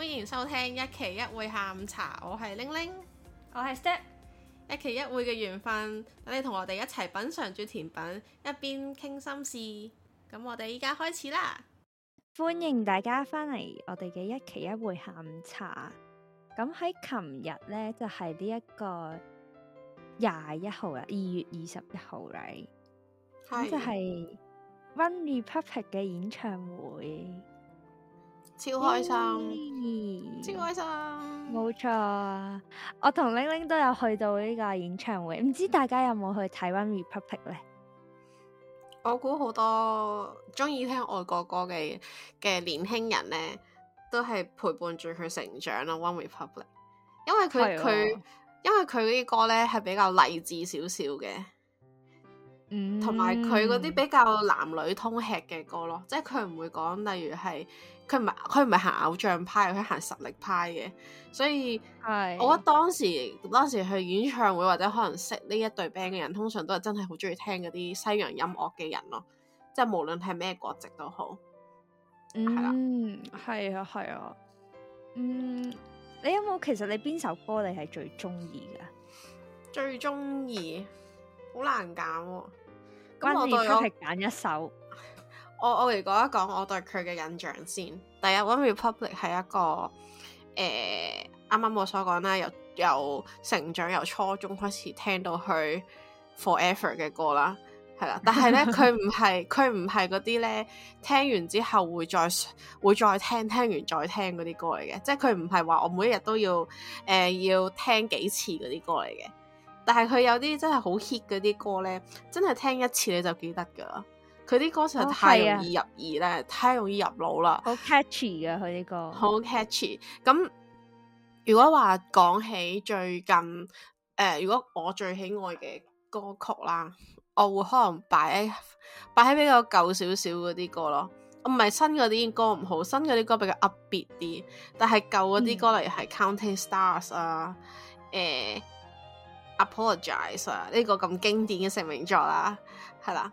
歡迎收聽一期一會下午茶，我係玲玲，我係是 Step，一期一會嘅緣分，等你同我哋一齊品嘗住甜品，一邊傾心事。咁我哋依家開始啦，歡迎大家翻嚟我哋嘅一期一會下午茶。咁喺琴日呢，就係呢一個廿一號啦，二月二十一號嚟，咁是就係 One Two Puppy 嘅演唱會。超開心，Yay! 超開心，冇錯。我同玲玲都有去到呢個演唱會，唔知大家有冇去睇《One Republic》咧？我估好多鍾意聽外國歌嘅嘅年輕人咧，都係陪伴住佢成長咯，《One Republic》對。哦，因為佢佢因為佢啲歌咧係比較勵志少少嘅，嗯，同埋佢嗰啲比較男女通吃嘅歌咯，即係佢唔會講，例如係。佢唔係佢唔係行偶像派，佢行實力派嘅，所以係我覺得當時當時去演唱會或者可能識呢一隊 band 嘅人，通常都係真係好中意聽嗰啲西洋音樂嘅人咯，即係無論係咩國籍都好。嗯，係啦啊，係啊，嗯，你有冇，其實你邊首歌你係最中意嘅？最中意，好難揀喎、啊。關鍵佢係揀一首。我我嚟講一講我對佢嘅印象先。第一，One Republic 係一個誒，啱啱我所講啦，由由成長由初中開始聽到去 Forever 嘅歌啦，係啦。但係咧，佢唔係佢唔係嗰啲咧，聽完之後會再會再聽，聽完再聽嗰啲歌嚟嘅。即係佢唔係話我每日都要誒、呃、要聽幾次嗰啲歌嚟嘅。但係佢有啲真係好 hit 嗰啲歌咧，真係聽一次你就記得㗎啦。佢啲歌實在太容易入耳咧，哦啊、太容易入腦啦。好 catchy 嘅、啊。佢啲歌。好 catchy。咁如果話講起最近，誒、呃，如果我最喜愛嘅歌曲啦，我會可能擺喺擺喺比較舊少少嗰啲歌咯。我唔係新嗰啲歌唔好，新嗰啲歌比較 upbeat 啲，但係舊嗰啲歌、嗯、例如係 Counting Stars 啊，誒、呃、，Apologize 啊，呢、這個咁經典嘅成名作、啊、啦，係啦。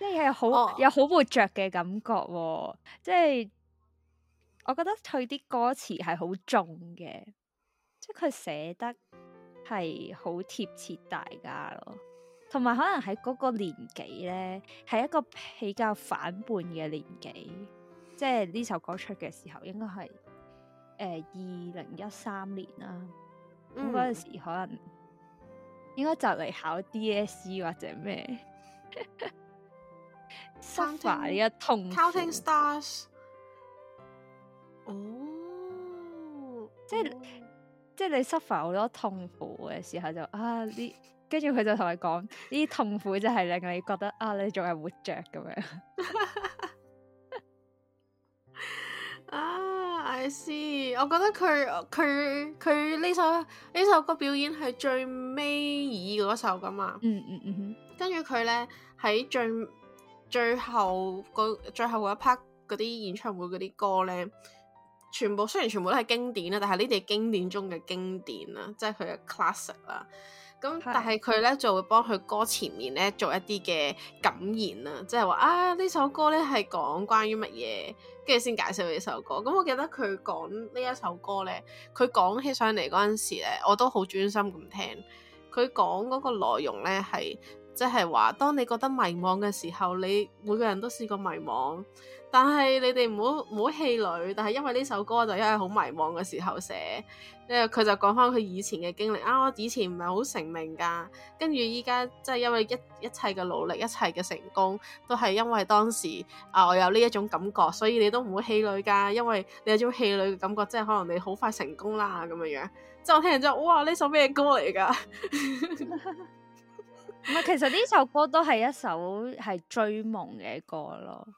即係好有好活着嘅感覺，即係我覺得佢啲歌詞係好重嘅，即係佢寫得係好貼切大家咯。同埋可能喺嗰個年紀咧，係一個比較反叛嘅年紀，即係呢首歌出嘅時候，應該係誒二零一三年啦。嗰陣時可能應該就嚟考 DSE 或者咩。 suffer 嘅痛苦 c counting stars 即哦，即係你即係你 suffer 好多痛苦嘅時候就啊，呢跟住佢就同你講呢啲痛苦就係令你覺得啊，你仲係活着咁樣啊。I see，我覺得佢佢佢呢首呢首歌表演係最尾二嗰首噶嘛。嗯嗯嗯，跟住佢咧喺最。最後最後嗰一 part 嗰啲演唱會嗰啲歌咧，全部雖然全部都係經典啦，但係呢啲係經典中嘅經典啦，即係佢嘅 classic 啦。咁但係佢咧就會幫佢歌前面咧做一啲嘅感言啦，即係話啊呢首歌咧係講關於乜嘢？跟住先介紹呢首歌。咁我記得佢講呢一首歌咧，佢講起上嚟嗰陣時咧，我都好專心咁聽。佢講嗰個內容咧係。即係話，當你覺得迷茫嘅時候，你每個人都試過迷茫。但係你哋唔好唔好氣餒。但係因為呢首歌就因為好迷茫嘅時候寫，因為佢就講翻佢以前嘅經歷。啊，我以前唔係好成名噶跟住依家即係因為一一切嘅努力，一切嘅成功，都係因為當時啊，我有呢一種感覺。所以你都唔會氣餒噶因為你有種氣餒嘅感覺，即係可能你好快成功啦咁樣樣。即係我聽完之後，哇，呢首咩歌嚟噶 唔係，其實呢首歌都係一首係追夢嘅歌咯。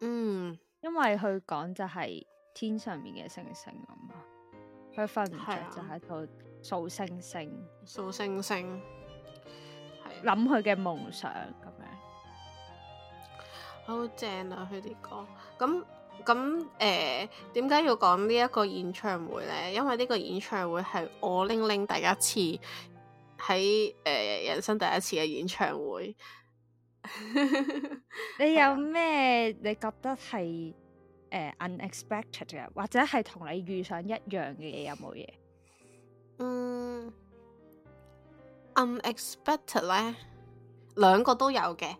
嗯，因為佢講就係天上面嘅星星咁嘛，佢瞓唔着就喺度數星星，數、嗯、星星，係諗佢嘅夢想咁樣。好正啊！佢啲歌，咁咁誒，點解、呃、要講呢一個演唱會咧？因為呢個演唱會係我 LingLing 第一次。喺誒、呃、人生第一次嘅演唱會， 你有咩你覺得係誒、呃、unexpected 嘅，或者係同你遇上一樣嘅嘢有冇嘢？嗯，unexpected 咧，兩個都有嘅。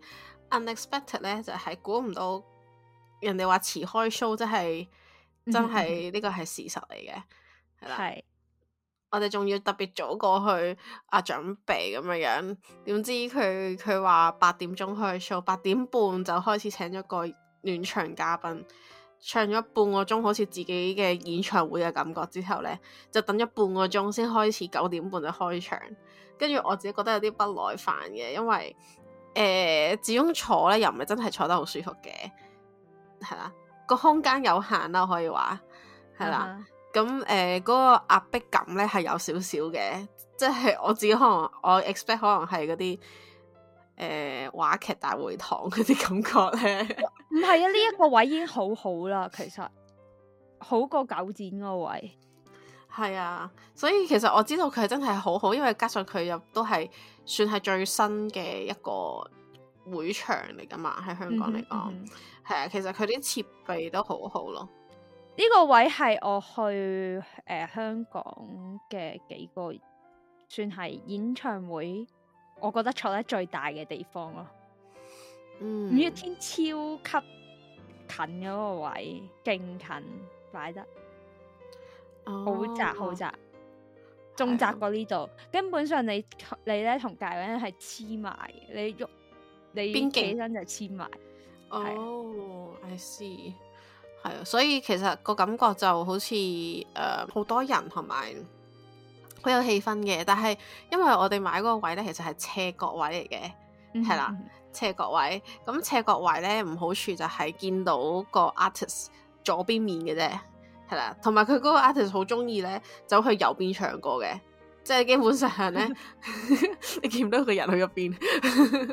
unexpected 咧就係估唔到人哋話遲開 show，即係、 真係真係呢個係事實嚟嘅，係啦。 我哋仲要特別早過去啊，準備咁樣樣，點知佢佢話八點鐘去 show，八點半就開始請咗個暖場嘉賓，唱咗半個鐘，好似自己嘅演唱會嘅感覺之後呢，就等咗半個鐘先開始九點半就開場，跟住我自己覺得有啲不耐煩嘅，因為誒、呃，始終坐咧又唔係真係坐得好舒服嘅，係啦，個空間有限啦，可以話係啦。咁誒嗰個壓迫感咧係有少少嘅，即係我自己可能我 expect 可能係嗰啲誒話劇大會堂嗰啲感覺咧，唔 係啊！呢一個位已經好好啦，其實好過九展個位，係 啊！所以其實我知道佢真係好好，因為加上佢又都係算係最新嘅一個會場嚟噶嘛，喺香港嚟講係啊！其實佢啲設備都好好咯。呢個位係我去誒、呃、香港嘅幾個算係演唱會，我覺得坐得最大嘅地方咯。嗯，五月天超級近嗰個位，勁近，擺得、哦、好窄，好窄，仲窄過呢度。的根本上你你咧同介永係黐埋，你喐你，你，你起邊起身就黐埋。哦的、Oh,I see。係啊，所以其實個感覺就好似誒好多人同埋好有氣氛嘅。但係因為我哋買嗰個位咧，其實係斜角位嚟嘅，係啦、嗯、哼斜角位。咁斜角位咧唔好處就係見到個 artist 左邊面嘅啫，係啦。同埋佢嗰個 artist 好中意咧走去右邊唱歌嘅，即係基本上咧 你見唔到佢人去入邊。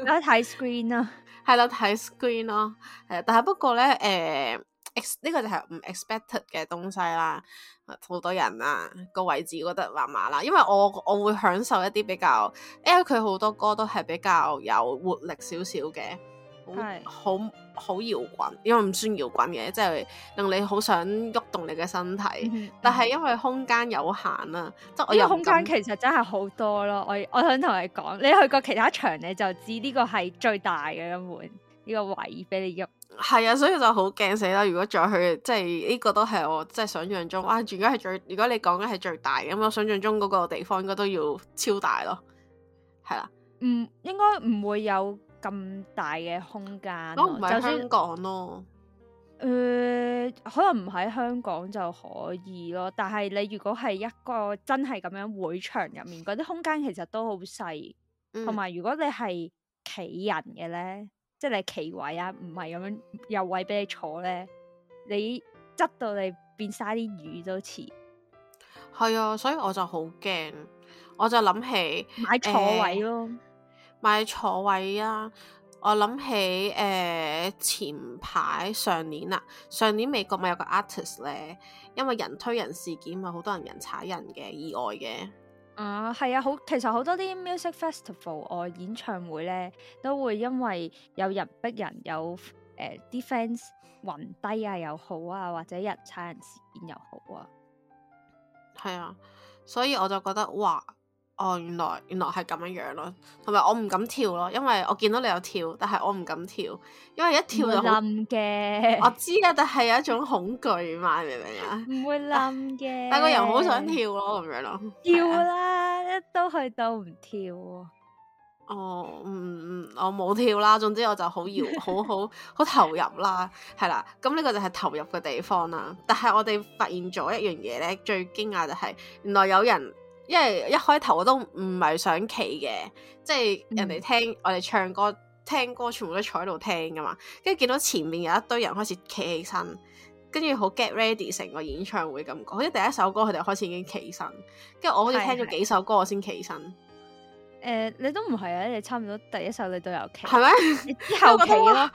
睇 screen 啦，係啦睇 screen 咯，係啊。啊但係不過咧誒。呃呢個就係唔 expected 嘅東西啦，好多人啦、啊、個位置我覺得麻麻啦，因為我我會享受一啲比較，因為佢好多歌都係比較有活力少少嘅，好是好好搖滾，因為唔算搖滾嘅，即係令你好想喐動，動你嘅身體，嗯、但係因為空間有限啦，得、嗯、我空間其實真係好多咯，我我想同你講，你去過其他場你就知呢個係最大嘅一門呢、這個位俾你喐。係啊，所以就好驚死啦！如果再去，即係呢、這個都係我即係想象中啊。如果係最，如果你講嘅係最大咁，我想象中嗰個地方應該都要超大咯，係啦。唔應該唔會有咁大嘅空間，都唔喺算香港咯。誒、呃，可能唔喺香港就可以咯，但係你如果係一個真係咁樣會場入面嗰啲空間，其實都好細。同埋、嗯，如果你係企人嘅咧。即係企位啊，唔係咁樣有位俾你坐咧、啊，你執到你變晒啲魚都似。係啊，所以我就好驚，我就諗起買坐位咯、啊呃，買坐位啊！我諗起誒、呃，前排上年啦，上年美國咪有個 artist 咧，因為人推人事件，咪好多人人踩人嘅意外嘅。啊，係、uh, 啊，好，其實好多啲 music festival，我、呃、演唱會咧，都會因為有人逼人，有誒啲、呃、fans 暈低啊又好啊，或者人踩人事件又好啊，係啊，所以我就覺得哇～哦，原來原來係咁樣樣咯，同埋我唔敢跳咯，因為我見到你有跳，但係我唔敢跳，因為一跳就冧嘅。我知啊，但係有一種恐懼嘛，明唔明啊？唔會冧嘅，但係個人好想跳咯，咁樣咯。要啦，一、啊、都去到唔跳啊。哦，嗯嗯，我冇跳啦，總之我就好搖，好好好投入啦，係 啦。咁、嗯、呢、呢個就係投入嘅地方啦。但係我哋發現咗一樣嘢咧，最驚訝就係原來有人。因為一開頭我都唔係想企嘅，即係人哋聽、嗯、我哋唱歌、聽歌，全部都坐喺度聽噶嘛。跟住見到前面有一堆人開始企起身，跟住好 get ready 成個演唱會感覺。好似第一首歌佢哋開始已經企身，跟住我好似聽咗幾首歌我先企身。誒、呃，你都唔係啊，你差唔多第一首你都有企，係咩是嗎？ 之後企咯，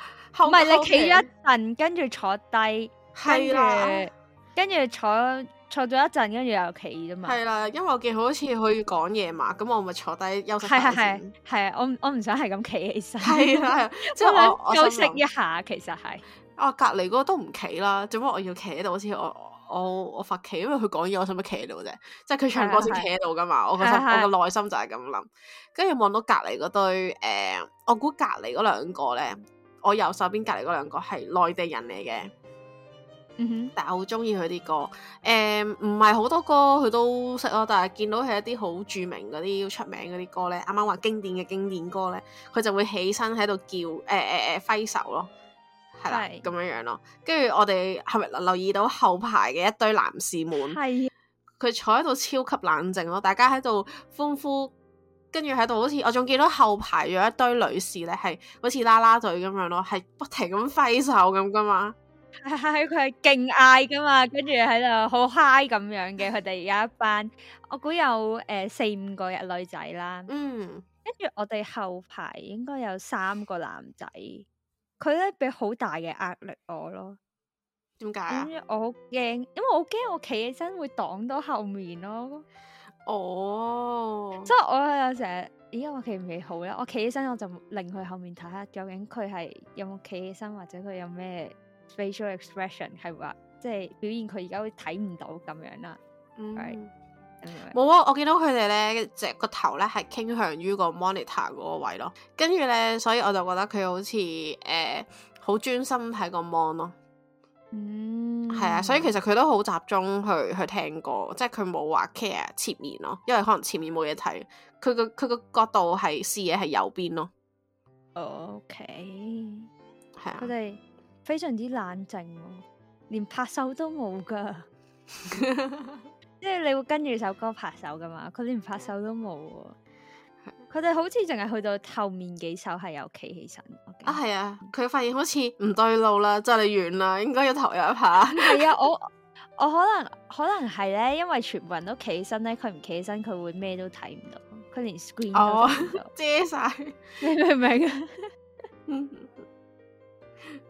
唔係 你企咗一陣，跟住坐低的，跟住跟住坐。坐咗一陣，跟住又企啫嘛。係啦， 因為我見好似佢講嘢嘛，咁我咪坐低休息下先。係啊 我我我 我唔想係咁企起身。係啦，即係我休息一下，其實係 、啊。我隔籬嗰個都唔企啦，做乜我要企喺度？好似我我我罰企，因為佢講嘢，我想咪企喺度啫。即係佢唱歌先企喺度噶嘛。了我覺得了我個內心就係咁諗，跟住望到隔籬嗰對誒，我估隔籬嗰兩個咧，我右手邊隔籬嗰兩個係內地人嚟嘅。嗯哼，但係我好中意佢啲歌，誒唔係好多歌佢都識咯，但係見到係一啲好著名嗰啲、出名嗰啲歌咧，啱啱話經典嘅經典歌咧，佢就會起身喺度叫，誒誒誒揮手咯，係啦咁樣樣咯，跟住我哋係咪留意到後排嘅一堆男士們？係，佢坐喺度超級冷靜咯，大家喺度歡呼，跟住喺度好似我仲見到後排有一堆女士咧，係好似啦啦隊咁樣咯，係不停咁揮手咁噶嘛。係佢係勁嗌，噶嘛，跟住喺度好 high 咁樣嘅。佢哋有一班，我估有誒四五個女仔啦。嗯，跟住我哋後排應該有三個男仔。佢咧俾好大嘅壓力我咯，點解？跟住我好驚，因為我驚我企起身會擋到後面咯。哦，即係我有成日，咦我企唔企好咧？我企起身我就令佢後面睇下，究竟佢係有冇企起身，或者佢有咩？facial expression 係話，即係表現佢而家會睇唔到咁樣啦。冇啊、嗯 Right. Anyway,！我見到佢哋咧，即係個頭咧係傾向於個 monitor 嗰個位咯。跟住咧，所以我就覺得佢好似誒好專心睇個 mon 咯。嗯，係啊，所以其實佢都好集中去去聽歌，即係佢冇話 care 前面咯，因為可能前面冇嘢睇。佢個佢個角度係視野係右邊咯。OK，係啊，佢哋。非常之冷靜，連拍手都冇噶，即 係 你會跟住首歌拍手噶嘛？佢連拍手都冇，佢哋 好似淨係去到後面幾首係有企起身。我，我啊，係啊，佢發現好似唔對路啦，就嚟完啦，應該要投入一下。係 啊、嗯嗯，我我可能可能係咧，因為全部人都企起身咧，佢唔企起身，佢會咩都睇唔到，佢連 screen 都遮晒疵， 你明唔白明？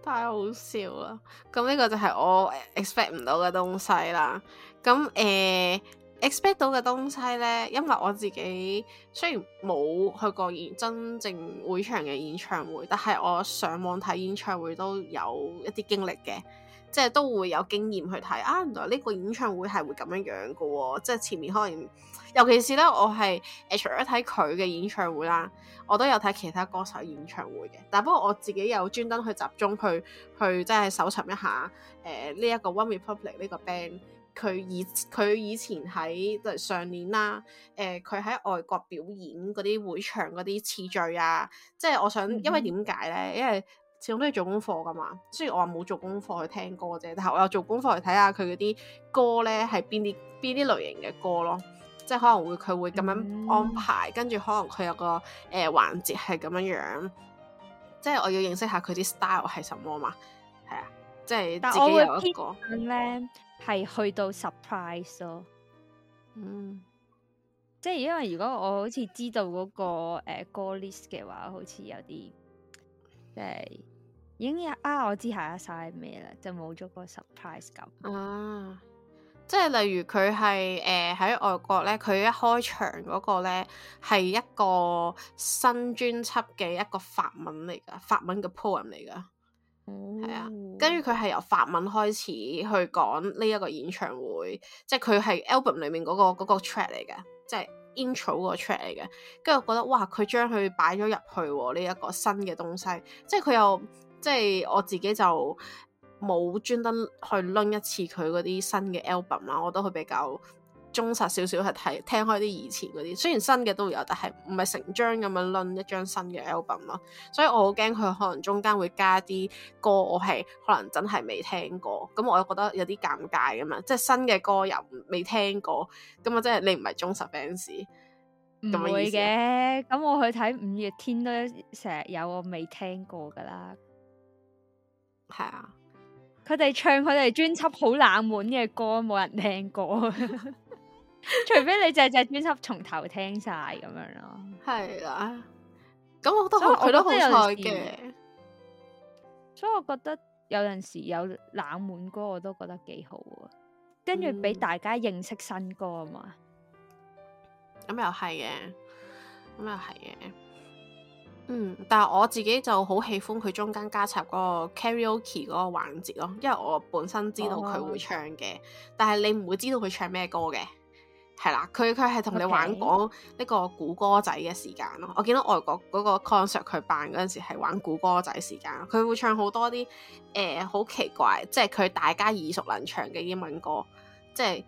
太好笑啦！咁呢個就係我 expect 唔到嘅東西啦。咁誒，expect 到嘅東西呢，因為我自己雖然冇去過真正會場嘅演唱會，但係我上網睇演唱會都有一啲經歷嘅，即係都會有經驗去睇啊。原來呢個演唱會係會咁樣樣㗎喎，即係前面可能。尤其是咧，我係誒除咗睇佢嘅演唱會啦，我都有睇其他歌手演唱會嘅。但不過我自己有專登去集中去去即係搜尋一下誒呢一個 One Republic 呢個 band 佢以佢以前喺上年啦，誒佢喺外國表演嗰啲會場嗰啲次序啊，即係我想、嗯、因為點解咧？因為始終都要做功課噶嘛。雖然我話冇做功課去聽歌啫，但係我又做功課去睇下佢嗰啲歌咧係邊啲邊啲類型嘅歌咯。即係可能會佢會咁樣安排，跟住、嗯、可能佢有個誒、呃、環節係咁樣樣，即係我要認識下佢啲 style 係什麼嘛，係啊，即係。但我會偏向咧係去到 surprise 咯，嗯，即係因為如果我好似知道嗰、那個誒、呃、歌 list 嘅話，好似有啲即係已經啊，我知下一首係咩啦，就冇咗個 surprise 感啊。即係例如佢係誒喺外國咧，佢一開場嗰個咧係一個新專輯嘅一個法文嚟㗎，法文嘅 poem 嚟㗎，係、嗯、啊。跟住佢係由法文開始去講呢一個演唱會，即係佢係 album 裡面嗰個嗰個 track 嚟嘅，即係 intro 個 track 嚟嘅。跟住我覺得哇，佢將佢擺咗入去呢一個新嘅東西，即係佢又即係我自己就冇專登去攆一次佢嗰啲新嘅 album 啦，我覺得佢比較忠實少少，係睇聽開啲以前嗰啲。雖然新嘅都有，但係唔係成張咁樣攆一張新嘅 album 咯。所以我好驚佢可能中間會加啲歌，我係可能真係未聽過。咁我又覺得有啲尷尬咁嘛。即係新嘅歌又未聽過。咁啊，即係你唔係忠實 fans。唔會嘅，咁我去睇五月天都成日有我未聽過噶啦，係啊。佢哋唱佢哋專輯好冷門嘅歌，冇人聽過，呵呵 除非你隻隻專輯從頭聽晒咁樣咯。係啦，咁我，我覺得佢都好耐嘅。所以我覺得有陣時有冷門歌，我都覺得幾好啊。跟住俾大家認識新歌啊嘛。咁、嗯、又係嘅，咁又係嘅。嗯，但係我自己就好喜歡佢中間加插嗰個 Karaoke 嗰個環節咯，因為我本身知道佢會唱嘅，Oh. 但係你唔會知道佢唱咩歌嘅，係啦，佢佢係同你玩講呢個古歌仔嘅時間咯。Okay. 我見到外國嗰個 concert 佢辦嗰陣時係玩古歌仔時間，佢會唱好多啲誒好奇怪，即係佢大家耳熟能詳嘅英文歌，即係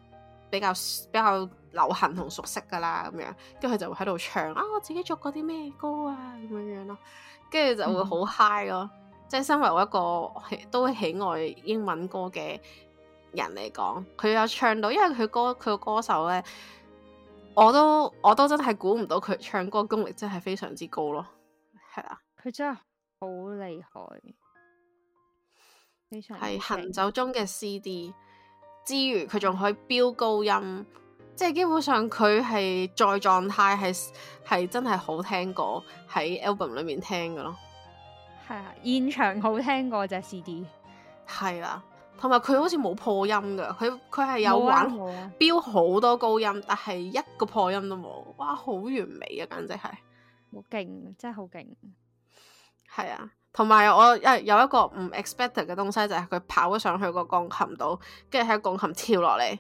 比較比較。比較流行同熟悉噶啦，咁樣，跟住佢就會喺度唱啊，我自己作過啲咩歌啊，咁樣樣咯，跟住就會好 high 咯。即係身為我一個都喜愛英文歌嘅人嚟講，佢有唱到，因為佢歌佢個歌，歌手呢，我都我都真係估唔到佢唱歌功力真係非常之高咯，係啊，佢真係好厲害，非常係行走中嘅 CD 之餘，佢仲可以飆高音。即係基本上佢係在狀態，係係真係好聽過喺 album 裏面聽嘅咯。係啊，現場好聽過咋 CD。係啊，同埋佢好似冇破音噶，佢佢係有玩飆好多高音，但係一個破音都冇。哇，好完美啊，簡直係好勁，真係好勁。係啊，同埋我有一個唔 expected 嘅東西就係、是、佢跑咗上去個鋼琴度，跟住喺鋼琴跳落嚟。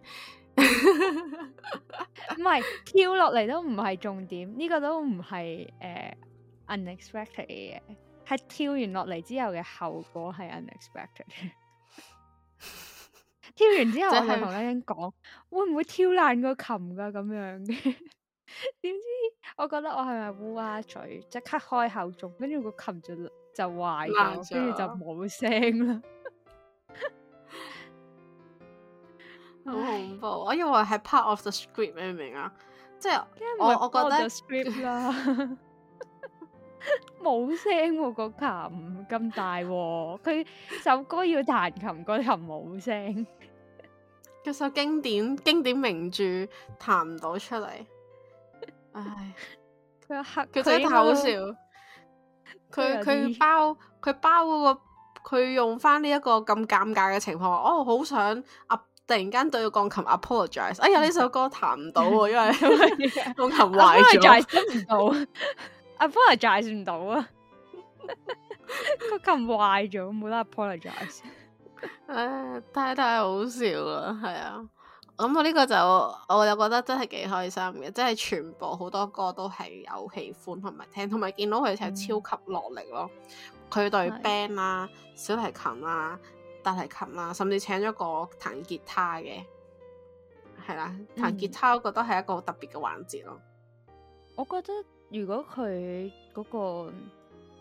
唔係 跳落嚟都唔係重點，呢、這個都唔係誒 unexpected 嘅，係跳完落嚟之後嘅後果係 unexpected。 跳完之後，就是，我同阿欣講，會唔會跳爛個琴噶？咁樣點 知？我覺得我係咪烏鴉嘴？即刻開口中，跟住個琴就壞了就壞咗，跟住就冇聲啦。好恐怖！嗯、 我以為係 part of the script，你明唔明啊？即係我我覺得個 script 啦，冇 聲喎、啊、個琴咁大、啊，佢首歌要彈琴，個琴冇聲。嗰首經典經典名著彈唔到出嚟，唉！佢 黑佢真係好笑。佢佢口包佢包嗰、嗰個佢用翻呢一個咁尷尬嘅情況，哦，好想壓。啊突然間對個鋼琴 apologize，哎呀呢、嗯、首歌彈唔到，因為鋼 琴壞咗。apologize 唔到，apologize 唔到啊！鋼琴壞咗，冇得 apologize。唉、 哎，太太好笑啦，係啊。咁、嗯嗯、 我呢個就我就覺得真係幾開心嘅，即係全部好多歌都係有喜歡同埋聽，同埋見到佢係超級落力咯。佢對 band 啊、小提琴啊……嗯嗯大提琴啦，甚至請咗個彈吉他嘅，係啦，彈吉他我覺得係一個特別嘅環節咯。我覺得如果佢嗰個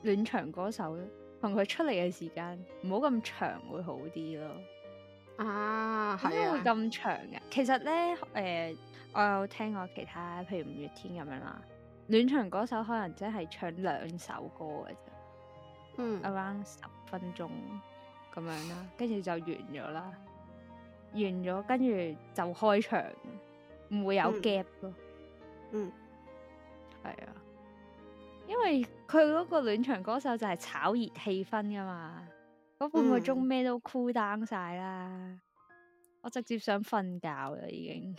暖場歌手同佢出嚟嘅時間唔好咁長會好啲咯。啊，點解會咁長嘅？係嘅。其實咧，誒、呃，我有聽過其他，譬如五月天咁樣啦，暖場歌手可能真係唱兩首歌嘅啫，嗯，around 十分鐘。咁樣啦，跟住就完咗啦，完咗，跟住就開場，唔會有 gap 咯、嗯。嗯，係啊，因為佢嗰個暖場歌手就係炒熱氣氛噶嘛，嗰半個鐘咩都 cool down 晒啦，我直接想瞓覺啦，已經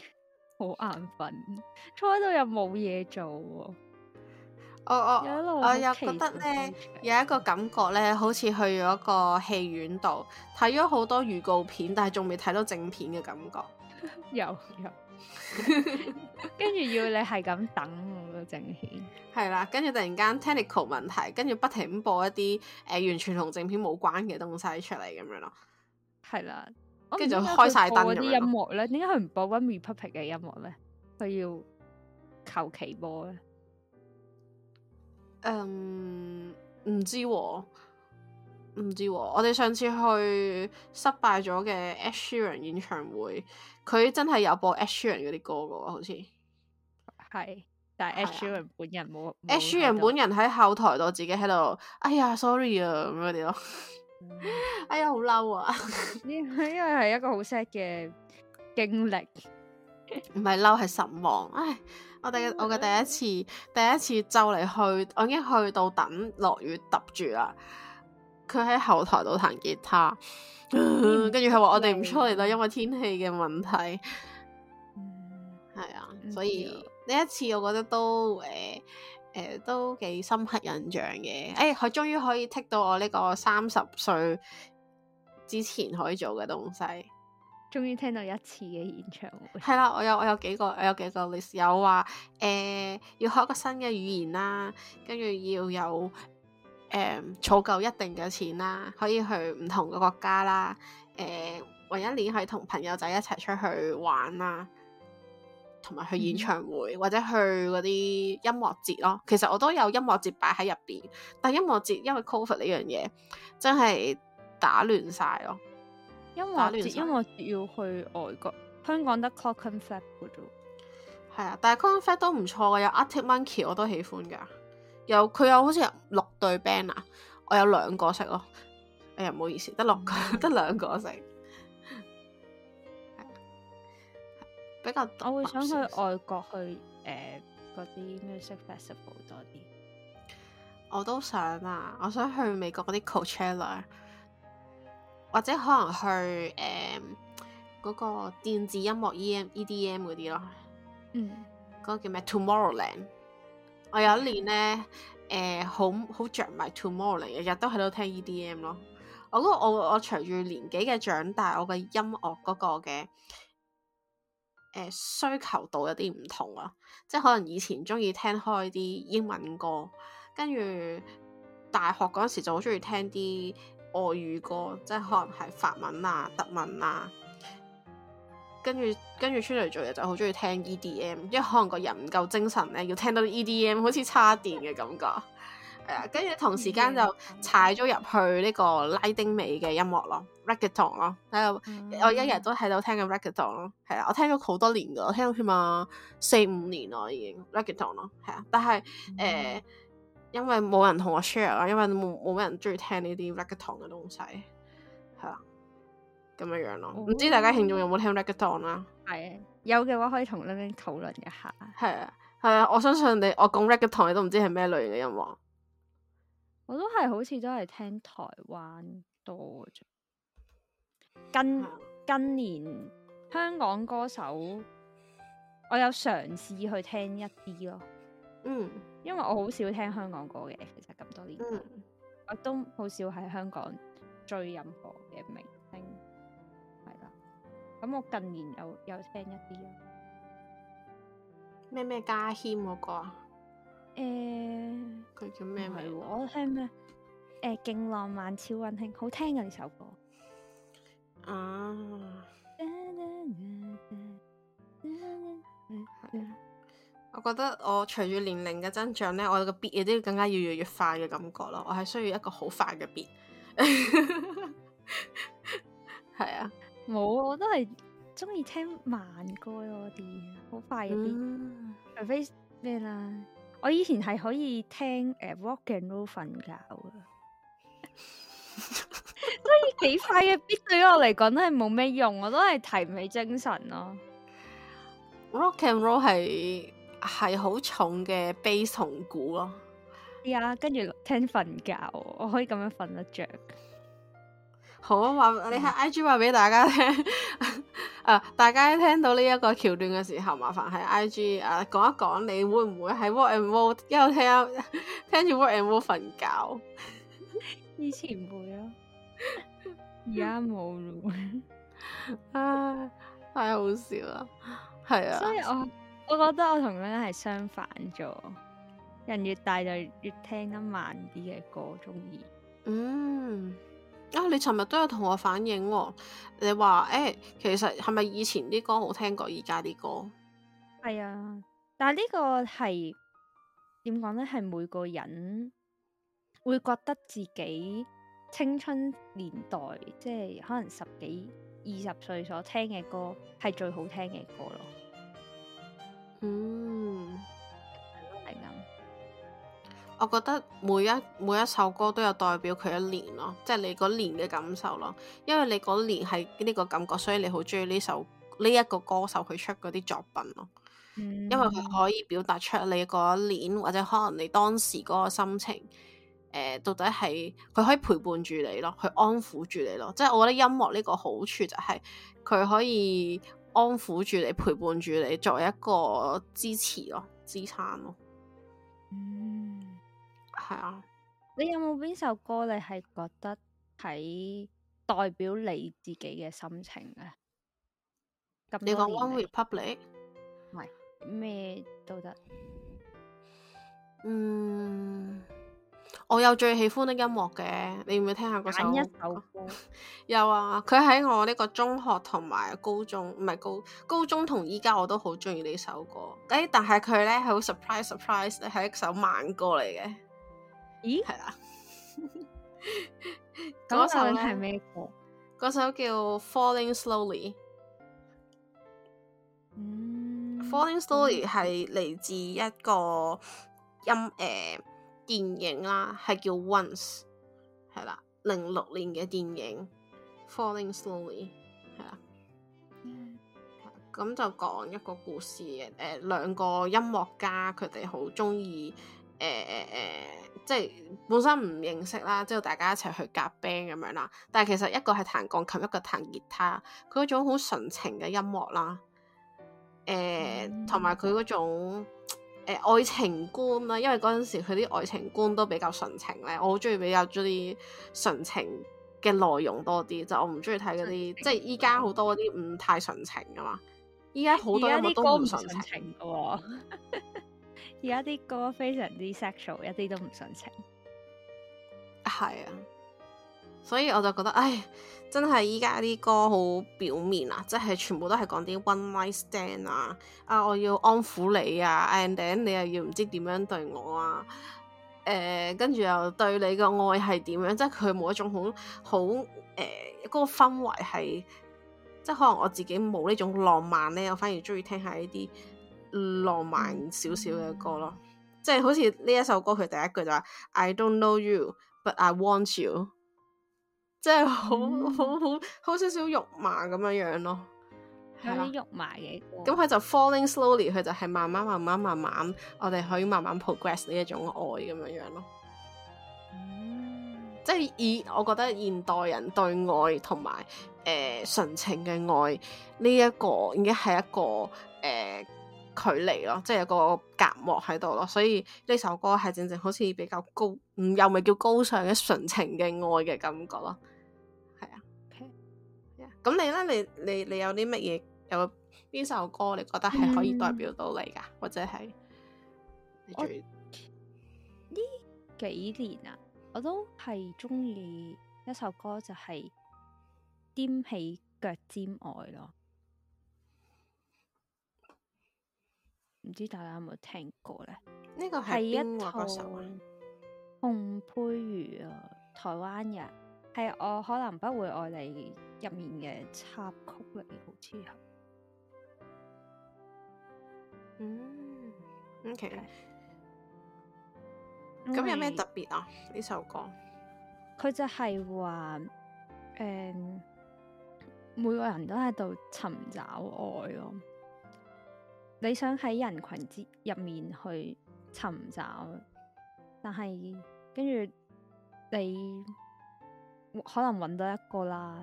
好眼瞓，坐喺度又冇嘢做。我我我又覺得咧，嗯、有一個感覺咧，好似去咗個戲院度睇咗好多預告片，但係仲未睇到正片嘅感覺。有 有。跟住要你係咁等我個正片。係啦，跟住突然間 technical 問題，跟住不停咁播一啲誒、呃、完全同正片冇關嘅東西出嚟咁樣咯。係啦，跟住就開晒燈咁樣。音樂咧，點解佢唔播 repeat 嘅音樂咧？佢要求其播咧？嗯，唔、um, 知喎、哦，唔知喎、哦。我哋上次去失敗咗嘅 H 先生演唱會，佢真係有播 H 先生嗰啲歌㗎喎，好似係。但係 H 先生本人冇，H 先生本人喺後台度自己喺度，哎呀，sorry 啊，咁嗰啲咯。哎呀，好嬲啊！因因為係一個好 sad 嘅經歷，唔係嬲，係失望。唉。我哋我嘅第一次，第一次就嚟去，我已經去到等落雨揼住啦。佢喺後台度彈吉他，跟住佢話我哋唔出嚟啦，嗯、因為天氣嘅問題。係、嗯、啊，嗯、所以呢、嗯、一次我覺得都誒誒、呃呃、都幾深刻印象嘅。誒、哎，佢終於可以剔到我呢個三十歲之前可以做嘅東西。終於聽到一次嘅演唱會。係啦， 我有我有幾個，我有幾個 list，有話、呃、要學一個新嘅語言啦，跟住要有誒儲、呃、夠一定嘅錢啦，可以去唔同嘅國家啦，誒、呃、為一年可以同朋友仔一齊出去玩啦，同埋去演唱會，嗯、或者去嗰啲音樂節咯。其實我都有音樂節擺喺入邊，但音樂節因為 COVID 呢樣嘢真係打亂晒咯。因為我因為我要去外國，香港得 Clockenflap 嘅啫。係啊，但係 Clockenflap 都唔錯嘅，有 Arctic Monkey 我都喜歡嘅。有佢有好似有六對 band 啊。我有兩個色咯。哎呀，唔好意思，得六個得 兩個色。係 啊，比較我會想去外國去誒嗰啲 music festival 多啲。我都想啊，我想去美國啲 Coachella。或者可能去誒嗰、呃嗰個電子音樂 E M E D M 嗰啲咯，嗯，嗰個叫咩 Tomorrowland。我有一年咧誒好好着迷 Tomorrowland，日日都喺度聽 E D M 咯。我覺得我我隨住年紀嘅長大，我嘅音樂嗰個嘅誒、呃、需求度有啲唔同啊。即係可能以前中意聽開啲英文歌，跟住大學嗰陣時就好中意聽啲外語歌即係可能係法文啊、德文啊，跟住跟住出嚟做嘢就好中意聽 EDM，因為可能個人唔夠精神咧，要聽到 EDM 好似叉電嘅感覺，係啊、 嗯。跟住同時間就踩咗入去呢個拉丁美嘅音樂咯 reggaeton 咯。誒，我一日都喺度聽緊 reggaeton 咯，係啊，我聽咗好多年噶，我聽咗起碼四五年啦已經 reggaeton 咯，係啊。但係誒。 因為冇人同我 share 啦，因為冇冇咩人中意聽呢啲 reggaeton 嘅東西，係啦，咁樣樣咯。唔知大家聽眾有冇聽 reggaeton 啦？係，有嘅話可以同你哋討論一下。係啊，係啊，我相信你，我講 reggaeton 你都唔知係咩類型嘅音樂。我都係好似都係聽台灣多嘅，咁的近年香港歌手，我有嘗試去聽一啲咯。嗯，um, 因為我好少聽香港歌嘅，其實咁多年，um. 我都好少喺香港追任何嘅明星，係啦。咁我近年有有聽一啲啊，咩咩嘉軒嗰個啊？佢、uh、叫咩名？我聽咩？誒、啊，勁浪漫超溫馨，好聽嘅呢首歌。Uh. 啊。我覺得我隨住年齡嘅增長咧，我個 beat 亦都要更加越嚟越快嘅感覺咯。我係需要一個好快嘅 beat，係 啊，冇，啊，我都係中意聽慢歌多啲，好快嘅 beat，嗯、除非咩啦，我以前係可以聽誒、呃、rock and roll 瞓覺噶， 所以幾快嘅 beat 對我嚟講都係冇咩用，我都係提唔起精神咯。Rock and roll 係。係好重嘅悲痛鼓咯，係啊，跟住聽瞓覺，我可以咁樣瞓得着。好啊話你喺 I G 話俾大家聽，誒，大家聽到呢一個橋段嘅時候，麻煩喺 I G 誒講一講，你會唔會喺 What and What 一路聽聽住 What and What 瞓覺？以前唔會咯，而家冇啦，唉，太好笑啦，係啊，所以我。我覺得我同你係相反咗，人越大就越，越聽得慢啲嘅歌鍾意。嗯，啊，你尋日都有同我反映、哦，你話誒、欸，其實係咪以前啲歌好聽過，而家啲歌？係啊，但係呢個係點講呢？係每個人會覺得自己青春年代，即、就、係、是、可能十幾、二十歲所聽嘅歌，係最好聽嘅歌咯。嗯，係咯，係咁。我覺得每一每一首歌都有代表佢一年咯，即係你嗰年嘅感受咯。因為你嗰年係呢個感覺，所以你好中意呢首呢一、呢個歌手佢出嗰啲作品咯。嗯、因為佢可以表達出你嗰年或者可能你當時嗰個心情，誒、呃，到底係佢可以陪伴住你咯，去安撫住你咯。即係我覺得音樂呢個好處就係、係、佢可以。安撫住你，陪伴住你，作為一個支持咯、啊，支撐咯、啊。嗯，係啊。你有冇邊首歌你係覺得喺代表你自己嘅心情嘅？咁你講 One Republic，係咩都得。嗯。我有最喜歡的音樂嘅，你要唔要聽下嗰首歌？有啊，佢喺 我呢個中學同埋高中，唔係高高中同依家我都好中意呢首歌。誒，但係佢咧係好 surprise，surprise 咧係一首慢歌嚟嘅。咦？係啦是的，嗰 首咧係咩歌？嗰首叫《Falling Slowly》。嗯、Falling Slowly、嗯，係嚟自一個音誒。呃電影啦、啊，係叫 Once，係啦，零六年嘅電影，Falling Slowly，係啦，咁 就講一個故事嘅，誒、呃、兩個音樂家，佢哋好中意，誒、呃呃、即係本身唔認識啦，之後大家一齊去夾 band 咁樣啦，但係其實一個係彈鋼琴，一個彈吉他，佢嗰種好純情嘅音樂啦，誒同埋佢嗰種。誒、呃、愛情觀啦，因為嗰陣時佢啲愛情觀都比較純情咧，我好中意比較中意純情嘅內容多啲，就我唔中意睇嗰啲，即係依家好多嗰啲唔太純情㗎嘛，依家好多嘢都唔純情嘅喎，而家啲歌非常之 sexual，一啲都唔純情，係 啊。所以我就覺得，唉，真係依家啲歌好表面啊，即係全部都係講啲 one night stand 啊。啊，我要安撫你啊，and then 你又要唔知點樣對我啊。誒、呃，跟住又對你嘅愛係點樣？即係佢冇一種好好誒嗰個氛圍係，即係可能我自己冇呢種浪漫咧，我反而中意聽下呢啲浪漫少少嘅歌咯。即係好似呢一首歌，佢第一句就話、是、：I don't know you，but I want you。即係好好好好少少肉麻咁樣樣咯，有啲肉麻嘅。咁佢係啦、嗯、就 falling slowly，佢就係慢慢慢慢慢慢，我哋可以慢慢 progress 呢一種愛咁樣樣咯。嗯、即係以我覺得現代人對愛同埋誒純情嘅愛呢、這個、一個已經係一個誒距離咯，即係有個隔膜喺度咯，所以呢首歌係正正好似比較高，又咪叫高尚嘅純情嘅愛嘅感覺咯。咁你咧，你你你有啲乜嘢？有邊首歌你覺得係可以代表到你噶，嗯、或者係呢幾年啊？我都係中意一首歌、就是，就係踮起腳尖愛咯。唔知大家有冇聽過咧？呢個係邊個歌手啊？洪佩瑜啊，台灣人。係我可能不會愛你入面嘅插曲嚟，好似係，嗯，OK，咁、嗯、有咩特別啊？呢你首歌，佢就係話，誒、嗯，每個人都喺度尋找愛咯、哦，你想喺人群之入面去尋找，但係跟住你。可能揾到一個啦，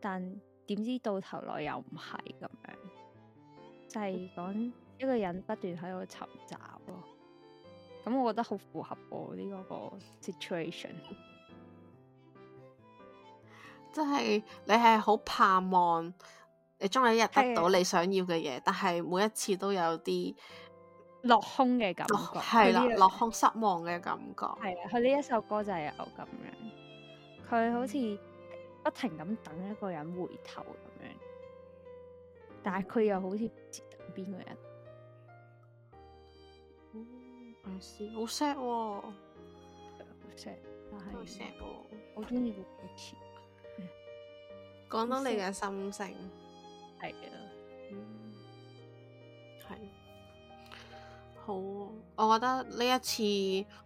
但點知到頭來又唔係咁樣，就係、係、講一個人不斷喺度尋找咯、啊。咁、嗯、我覺得好符合我呢嗰個 situation，即係你係好盼望你終有一日得到你想要嘅嘢，的但係每一次都有啲落空嘅感覺，係啦、哦，落空失望嘅感覺。係啊，佢呢一首歌就係有咁樣。佢好似不停咁等一個人回頭咁樣，但係佢又好似唔知等邊個人。嗯、哦，係啊、嗯，好 sad 喎，好 sad，但係好中意個故事。講到你嘅心聲，係嘅。嗯，係。 議好、啊，我覺得呢一次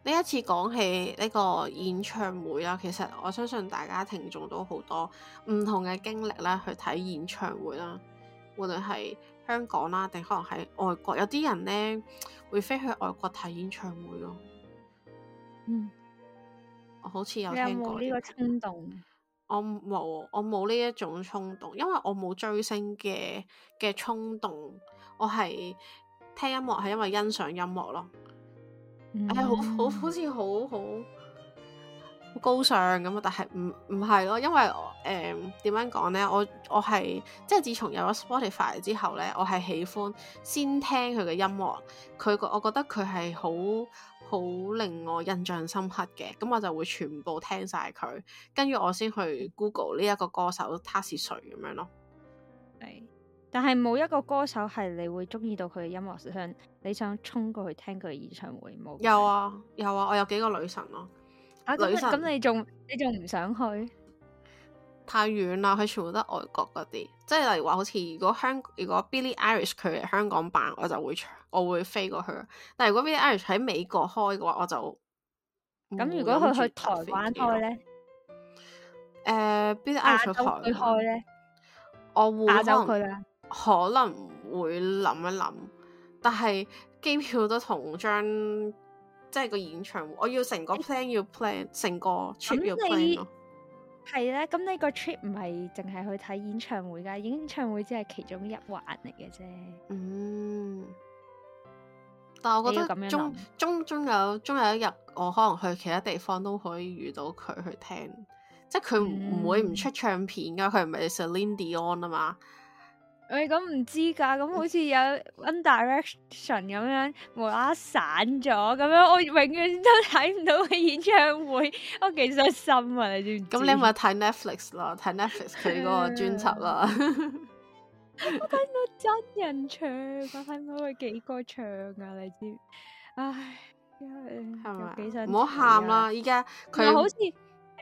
呢一次講起呢個演唱會啦，其實我相信大家聽眾都好多唔同嘅經歷啦。去睇演唱會啦，無論係香港啦，定可能喺外國，有啲人呢會飛去外國睇演唱會咯。嗯，我好似有聽過啦，你有冇呢個衝動？我冇，我冇呢一種衝動，因為我冇追星嘅嘅衝動，我係。聽音樂係因為欣賞音樂咯，係、mm hmm. 哎、好好好似好好好高尚咁啊！但係唔唔係咯，因為誒點樣講呢？我我係即係自從有咗 Spotify 之後呢，我係喜歡先聽佢嘅音樂，佢個我覺得佢係好好令我印象深刻嘅，咁我就會全部聽晒佢，跟住我先去 Google 呢一個歌手他是誰咁樣咯。係。但係冇一個歌手係你會中意到佢嘅音樂，你想衝過去聽佢嘅演唱會冇？有啊有啊，我有幾個女神咯、啊。啊、女神，咁你仲你仲唔想去？太遠啦，佢全部都係外國嗰啲，即係例如話好似如果香如果 Billie Eilish 佢嚟香港辦，我就會我會飛過去。但係如果 Billie Eilish 喺美國開嘅話，我就咁。如果佢去台灣開咧？誒、uh,，Billie Eilish 去開咧？開呢，我會亞洲去啦。可能會諗一諗，但係機票都同張即係個演唱會，我要成個 plan 要 plan 成、嗯、個 trip 要 plan 咯你。係咧、嗯，咁呢個 trip 唔係淨係去睇演唱會噶，演唱會只係其中一環嚟嘅啫。嗯，但係我覺得咁樣終終終有終有一日，我可能去其他地方都可以遇到佢去聽，即係佢唔會唔出唱片噶，佢唔係 Celine Dion 啊嘛。喂，咁唔知噶，咁好似有 undirection 咁樣無啦散咗，咁樣我永遠都睇唔到佢演唱會，我幾傷心啊！你知唔知？嗯？咁你咪睇 Netflix 啦，睇 Netflix 佢嗰個專輯啦。 我睇到真人唱，我睇唔到佢幾歌唱啊！你知？唉，係咪？幾心？唔、啊、 好喊啦！依家佢好似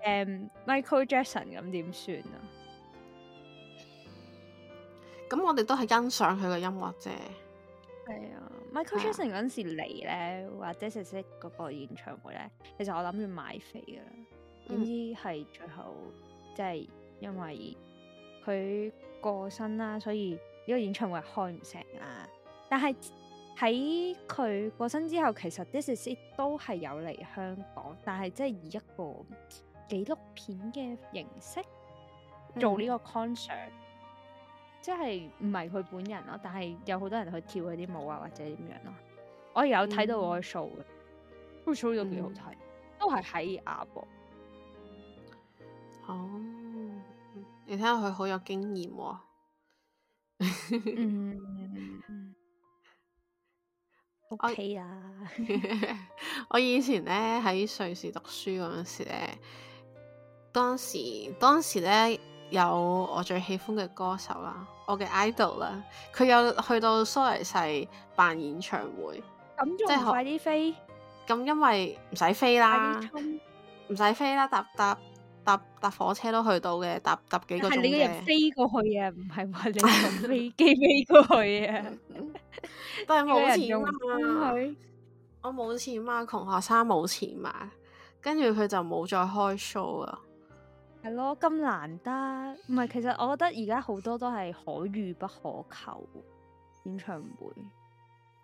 誒 Michael Jackson 咁點算啊？咁我哋都係欣賞佢嘅音樂啫。係啊，Michael Jackson 嗰陣時嚟咧，或者 This Is It 嗰個演唱會咧，其實我諗住買飛㗎啦，點知係最後即係因為佢過身啦，所以呢個演唱會開唔成啊。但係喺佢過身之後，其實 This Is It 都係有嚟香港，但係即係以一個紀錄片嘅形式做呢個 concert。嗯。即係唔係佢本人咯，但係有好多人去跳佢啲舞啊，或者點樣咯、啊。我有睇到我嘅 show 嘅，都幾好睇，都係喺亞博。哦，你睇下佢好有經驗喎、哦。 嗯，O K 啦。Okay 啊、 我以前咧喺瑞士讀書嗰陣時咧，當時當時咧。有我最喜歡嘅歌手啦，我嘅 idol 啦，佢有去到蘇黎世辦演唱會，咁仲快啲飛？咁因為唔使飛啦，唔使飛啦，搭搭搭搭火車都去到嘅，搭搭幾個鐘嘅。但你飛過去啊，唔係話你用飛機飛過去啊， 但係冇錢啊，我冇錢啊，窮學生冇錢嘛，啊，跟住佢就冇再開 show 啦。係咯，咁難得，唔係，其實我覺得而家好多都係可遇不可求演唱會，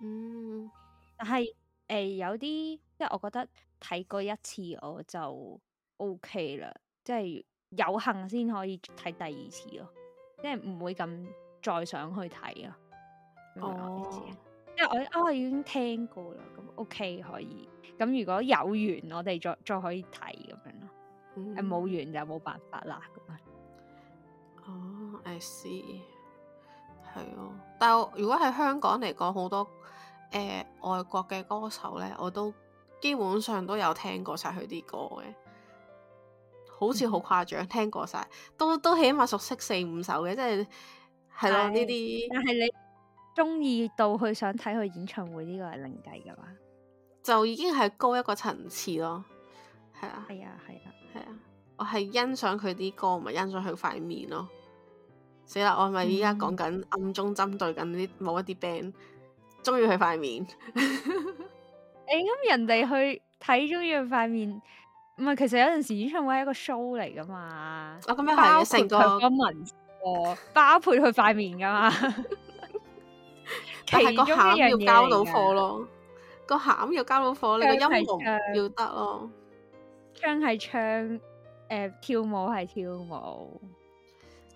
嗯，但係誒有啲即係我覺得睇過一次我就 O K 啦，即係有幸先可以睇第二次咯，即係唔會咁再想去睇啊，哦，因為我啊已經聽過啦，咁 O K 可以，咁如果有緣我哋再再可以睇咁樣。冇、嗯、完就冇辦法啦，咁啊。哦，I see，係哦。但係如果喺香港嚟講，好多誒、呃、外國嘅歌手咧，我都基本上都有聽過晒佢啲歌嘅，好似好誇張，嗯、聽過晒，都都起碼熟悉四五首嘅，即係係咯呢啲。的些但係你中意到去想睇佢演唱會呢個係另計噶嘛，就已經係高一個層次咯。係啊，係啊，係啊，係啊！我係欣賞佢啲歌，唔係欣賞佢塊面咯。死啦！我係咪依家講緊暗中針對緊啲某一啲 band？中意佢塊面誒？咁人哋去睇中意佢塊面，唔係其實有陣時演唱會係一個 show 嚟噶嘛？我咁樣係啊，成個包配佢塊面噶嘛？係個餡要交到貨咯，個餡要交到貨，你個音樂要得咯。唱係唱，誒、呃、跳舞係跳舞，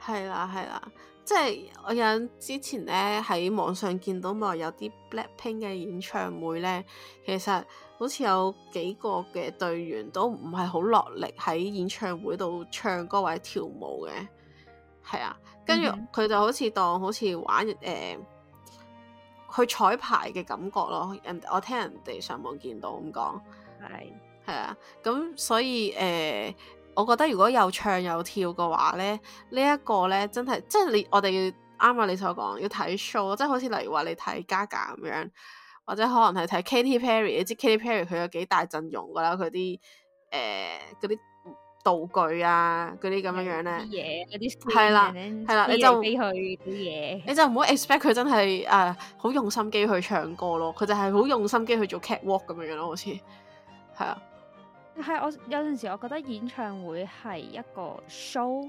係啦係啦，即係我有之前咧喺網上見到咪有啲 Blackpink 嘅演唱會咧，其實好似有幾個嘅隊員都唔係好落力喺演唱會度唱歌或者跳舞嘅，係啊，跟住佢就好似當、嗯、當好似玩誒、呃、去彩排嘅感覺咯，人我聽人哋上網見到咁講，係。係啊，咁、 嗯、所以誒、呃，我覺得如果有唱有跳嘅話咧，這個、呢一個咧真係即係你我哋啱啊！剛剛你所講要睇 show，即係好似例如話你睇 Gaga 咁樣，或者可能係睇 Katy Perry，你知 Katy Perry 佢有幾大陣容噶啦，佢啲誒啲道具啊，嗰啲咁樣樣咧，嘢嗰啲，係啦係啦，你就俾佢啲嘢，你就唔好 expect 佢真係誒好用心機去唱歌咯，佢就係好用心機去，去做 cat walk 咁樣樣咯，好似係啊。 但係我有陣時，我覺得演唱會係一個 show，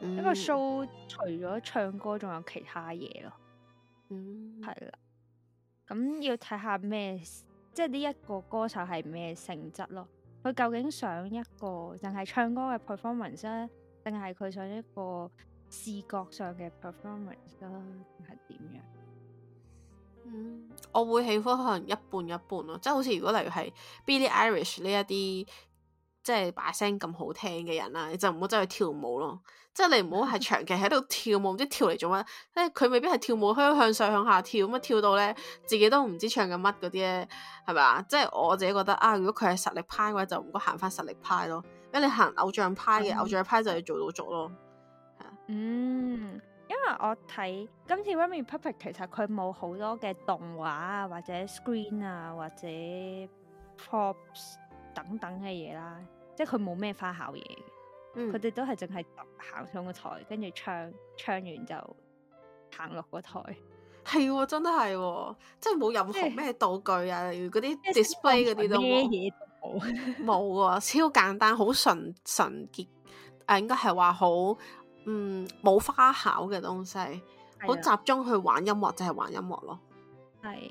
一個、嗯、show 除咗唱歌，仲有其他嘢咯。嗯，係啦。咁要睇下咩，即係呢一個歌手係咩性質咯？佢究竟想一個淨係唱歌嘅 performance 咧，定係佢想一個視覺上嘅 performance 咧，定係點樣？我會喜歡可能一半一半咯，即係好似如果例如係 Billie Eilish 呢一啲，即係把聲咁好聽嘅人啦，你就唔好真係去跳舞咯，即係你唔好係長期喺度跳舞，唔 知跳嚟做乜，咧佢未必係跳舞，向向上向下跳咁跳到咧自己都唔知唱緊乜嗰啲咧，係咪啊？即係我自己覺得啊，如果佢係實力派嘅話，就唔該行翻實力派咯，因為你行偶像派嘅、嗯、偶像派就要做到足咯，嗯。嗯。因為我睇今次《Ramy Puppet》其實佢冇好多嘅動畫啊，或者 screen 啊，或者 props 等等嘅嘢啦，即係佢冇咩花巧嘢。佢哋、嗯、都係淨係行上個台，跟住唱唱完就行落個台。係，真係、哦，即係冇任何咩道具啊，例如嗰啲 display 嗰啲的種都冇冇啊，超簡單，好純純潔，誒、呃，應該係話好。嗯，冇花巧嘅東西，好是、啊、集中去玩音樂就係、是、玩音樂咯。係，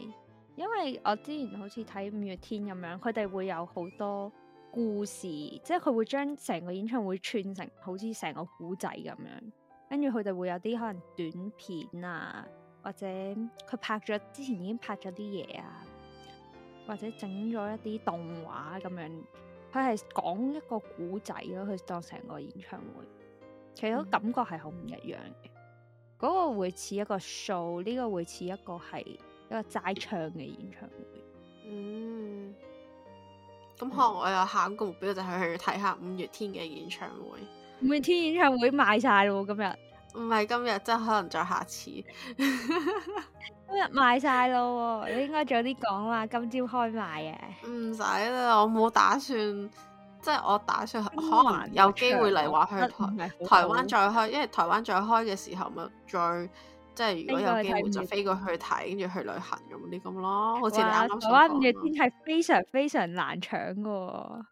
因為我之前好似睇五月天咁樣，佢哋會有好多故事，即係佢會將成個演唱會串成好似成個古仔咁樣，跟住佢哋會有啲可能短片啊，或者佢拍咗之前已經拍咗啲嘢啊，或者整咗一啲動畫咁樣，佢係講一個古仔咯，佢當成個演唱會。其實感覺係好唔一樣嘅，嗰個會似一個 show，呢個會似一個係一個齋唱嘅演唱會。嗯，咁可能我有下一個目標就係去睇下五月天嘅演唱會。五月天演唱會賣晒咯，今日唔係今日，即係可能再下次。 今日賣晒咯，你應該早啲講嘛，今朝開賣嘅。唔使啦，我冇打算。即係我打算可能有機會嚟話去台灣再開，因為台灣再開嘅時候咪再即係如果有機會就飛過去睇，跟住去旅行咁啲咁咯。 好似你啱啱講，台灣五月天係非常非常難搶嘅，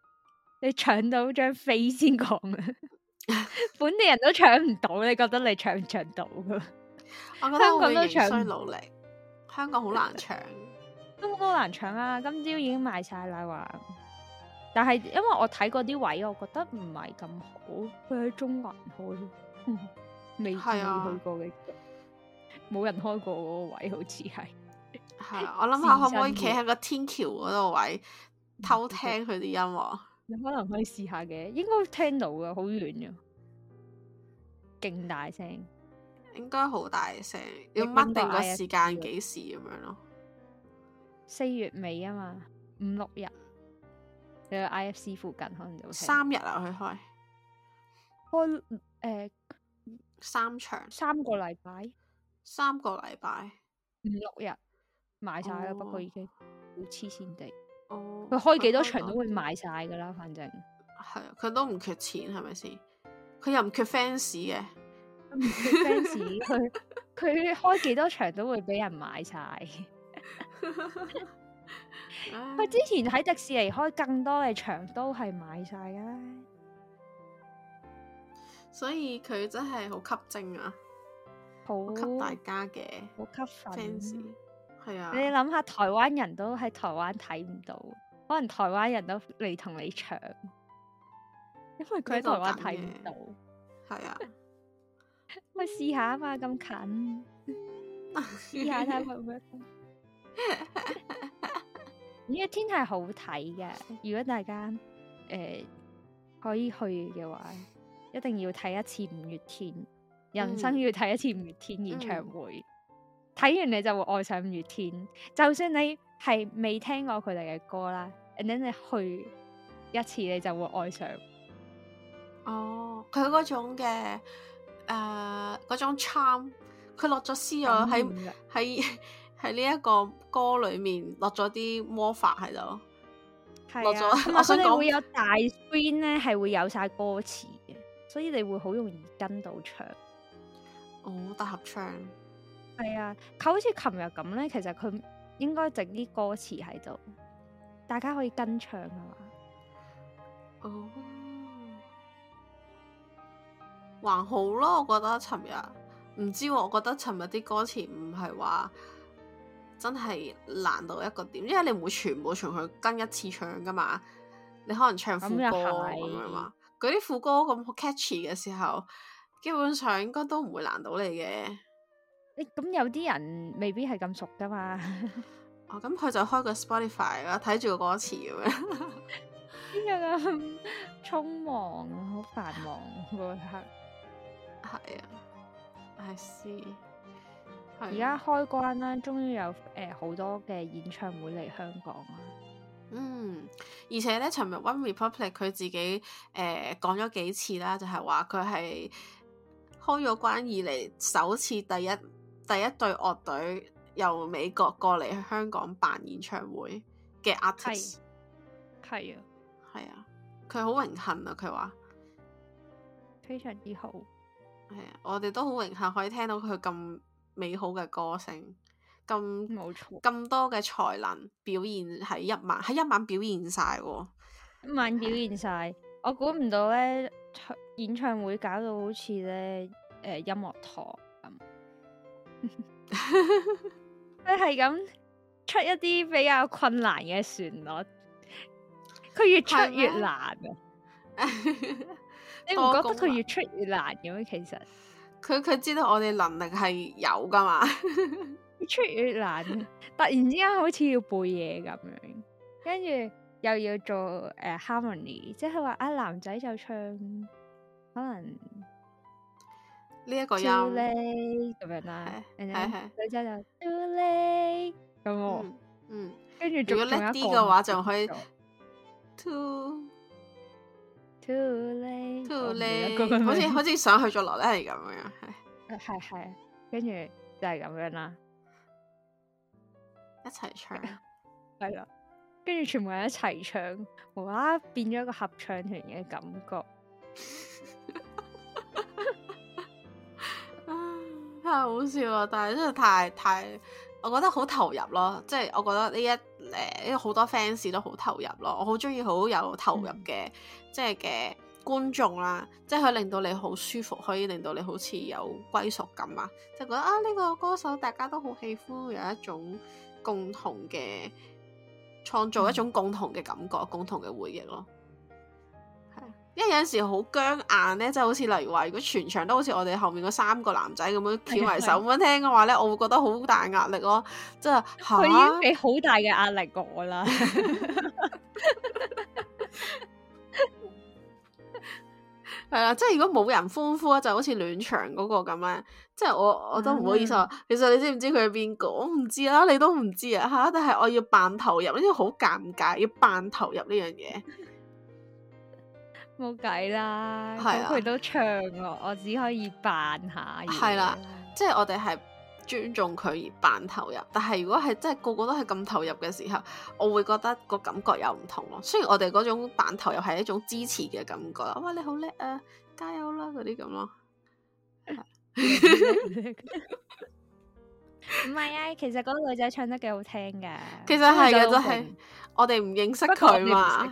你搶到張飛先講啊！本地人都搶唔到，你覺得你搶唔搶到噶？香港都需努力，香港好難搶， 都好難搶啊！今朝已經賣晒啦話。但係，因為我睇過啲位，我覺得唔係咁好。佢喺中環開，未試去過嘅，冇、啊、人開過嗰個位，好，好似係。係我諗下可唔可以企喺個天橋嗰度位偷聽佢啲音樂？有可能可以試下嘅，應該聽到嘅，好遠嘅，勁大聲。應該好大聲，要掹定個時間幾時咁樣咯？四月尾啊嘛，五六日。喺 IFC 附近可能就三日啊，去開開誒、呃、三場，三個禮拜，三個禮拜五六日買晒啦。不過、哦、已經好黐線地，佢、哦、開幾多場都會買晒噶啦，反正係啊，佢、哦、都唔缺錢，係咪先？佢又唔缺 fans 嘅唔缺 fans，佢佢開幾多場都會俾人買晒。 佢、啊、之前喺迪士尼開更多嘅場都係買晒㗎，所以佢真係好吸睛啊，好很吸大家嘅，好吸粉係啊，的你諗下，台灣人都喺台灣睇唔到，可能台灣人都嚟同你搶，因為佢喺台灣睇唔到。係啊，去試 下嘛，咁近，試下睇下會唔會。五月天係好睇嘅，如果大家誒、呃、可以去嘅話，一定要睇一次五月天。嗯、人生要睇一次五月天演唱會，睇、嗯、完你就會愛上五月天。就算你係未聽過佢哋嘅歌啦，and then 你去一次，你就會愛上。哦，佢嗰種嘅誒，嗰、呃、種 charm，佢落咗詩啊，喺、嗯。係。喺呢一個歌裏面落咗啲魔法喺度，落咗、啊。我想講，會有大 screen 咧，係 會有晒歌詞嘅，所以你會好容易跟到唱。哦，大合唱。係啊，佢好似琴日咁咧，其實佢應該整啲歌詞喺度，大家可以跟唱噶嘛。哦，還好咯，我覺得琴日唔知，我覺得琴日啲歌詞唔係話。真係難到一個點，因為你唔會全部從佢跟一次唱噶嘛，你可能唱副歌咁、嗯、樣嘛，嗰啲、嗯、副歌咁好 catchy 嘅時候，基本上應該都唔會難到你嘅。咁、欸、有啲人未必係咁熟噶嘛。 哦，咁、嗯、佢就開個 Spotify 啦，睇住個歌詞咁樣。邊有咁匆忙，好繁忙覺得。係啊 ，I see。而家開關啦，終於有誒好、呃、多嘅演唱會嚟香港啦。嗯，而且咧，尋日 One Republic 佢自己誒、呃、講咗幾次啦，就係話佢係開咗關以嚟首次第一第一隊樂隊由美國過嚟香港辦演唱會嘅 artist。係啊，係啊，佢好榮幸啊！佢話非常之好。係啊，我哋都好榮幸可以聽到佢咁。美好嘅歌聲，咁冇錯，咁錯多嘅才能表現喺一晚，喺一晚表現晒，一晚表現晒，我估唔到咧，演唱會搞到好似咧，誒、呃，音樂堂咁，佢係咁出一啲比較困難嘅旋律，佢越出越難啊！是嗎 你唔覺得佢越出越難嘅咩？其實？ 佢佢知道我哋能力係有噶嘛？ 越出越難，突然之間好似要背嘢咁樣，跟住又要做誒、uh, harmony，即係話啊，男仔就唱可能呢一個音咁樣啦，係係，女仔就 do 咁，嗯，跟住仲有叻啲嘅話就可以 too late 好似好似上去再落咧係咁樣，係，係 係、啊，跟住就係、是、咁樣啦，一齊唱，係啦，跟住全部人一齊唱，無啦啦變咗一個合唱團嘅感覺，太 啊、好笑啦、喔，但係真係太太。太我覺得好投入咯，即係我覺得呢一誒呢好多 fans 都好投入咯，我好中意好有投入嘅、嗯、即係嘅觀眾啦、啊，即係可以令到你好舒服，可以令到你好似有歸屬感啊，就係、覺得啊呢、這個歌手大家都好喜歡，有一種共同嘅創造一種共同嘅感覺，嗯、共同嘅回憶咯。因為有陣時好僵硬咧，即係好似例如話，如果全場都好似我哋後面嗰三個男仔咁樣翹埋手咁樣聽嘅話咧，的我會覺得好大壓力咯、哦。即係佢已經俾好大嘅壓力過我啦。係啊，即係如果冇人歡呼咧，就好似暖場嗰個咁咧。即係我我都唔好意思，的其實你知唔知佢係邊個？我唔知啊，你都唔知啊嚇。但係我要扮投入，呢啲好尷尬，要扮投入呢樣嘢。冇計啦，佢、係啊、都唱咯，我只可以扮下。係啦、啊，即係我哋係尊重佢而扮投入，但係如果係真係個個都係咁投入嘅時候，我會覺得個感覺又唔同咯。雖然我哋嗰種扮投入係一種支持嘅感覺，哇你好叻，啊，加油啦嗰啲咁咯。唔係啊，其實嗰個女仔唱得幾好聽嘅。其實係嘅，就係我哋唔認識佢嘛。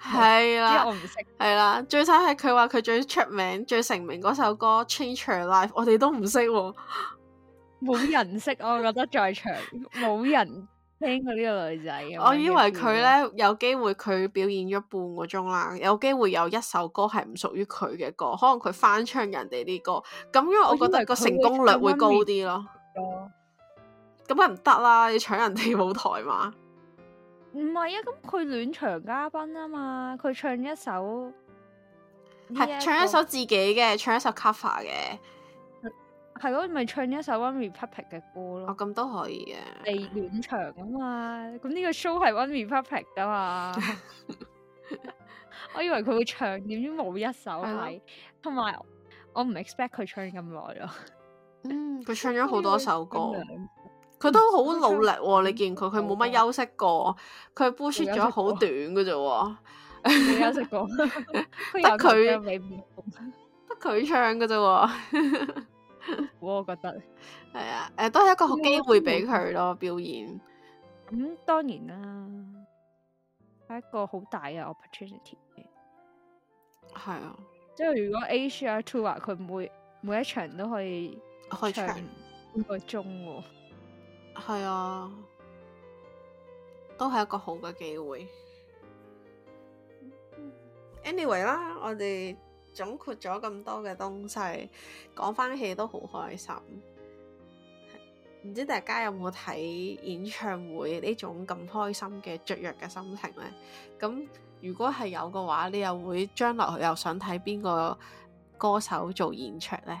係啦，我唔識，係啦，最慘係佢話佢最出名、最成名嗰首歌《Change Your Life》，我哋都唔識喎，冇人識，我覺得在場冇人聽過呢個女仔。 我以為佢咧有機會佢表演咗半個鐘啦，有機會有一首歌係唔屬於佢嘅歌，可能佢翻唱人哋啲歌。咁因為我覺得個成功率會高啲咯。咁又唔得啦，你搶人哋舞台嘛？唔係啊，咁佢暖場嘉賓啊嘛，佢唱一首係是、這個、唱一首自己嘅，唱一首 cover 嘅，係咯，咪、就是、唱一首 One Republic 嘅歌咯。哦，咁都可以嘅。你暖場啊嘛，咁呢個 show 係 One Republic 噶嘛。 我以為佢會唱，點知冇一首係，同埋 我唔 expect 佢唱咁耐咯。 嗯，佢唱咗好多首歌。 佢都好努力喎，你見佢，佢冇乜休息過，佢 boot 咗好短嘅啫喎，休息過，得佢得佢唱嘅啫喎，我覺得，係啊，誒都係一個好機會俾佢咯，表演，咁當然啦，係一個好大嘅 opportunity，係啊，即係如果 Asia Tour 佢每每一場都可以開場半個鐘。係啊，都係一個好嘅機會。Anyway 啦，我哋總括咗咁多嘅東西，講翻起都好開心。唔知大家有冇睇演唱會呢種咁開心嘅雀躍嘅心情呢？咁如果係有嘅話，你又會將來又想睇邊個歌手做演出呢？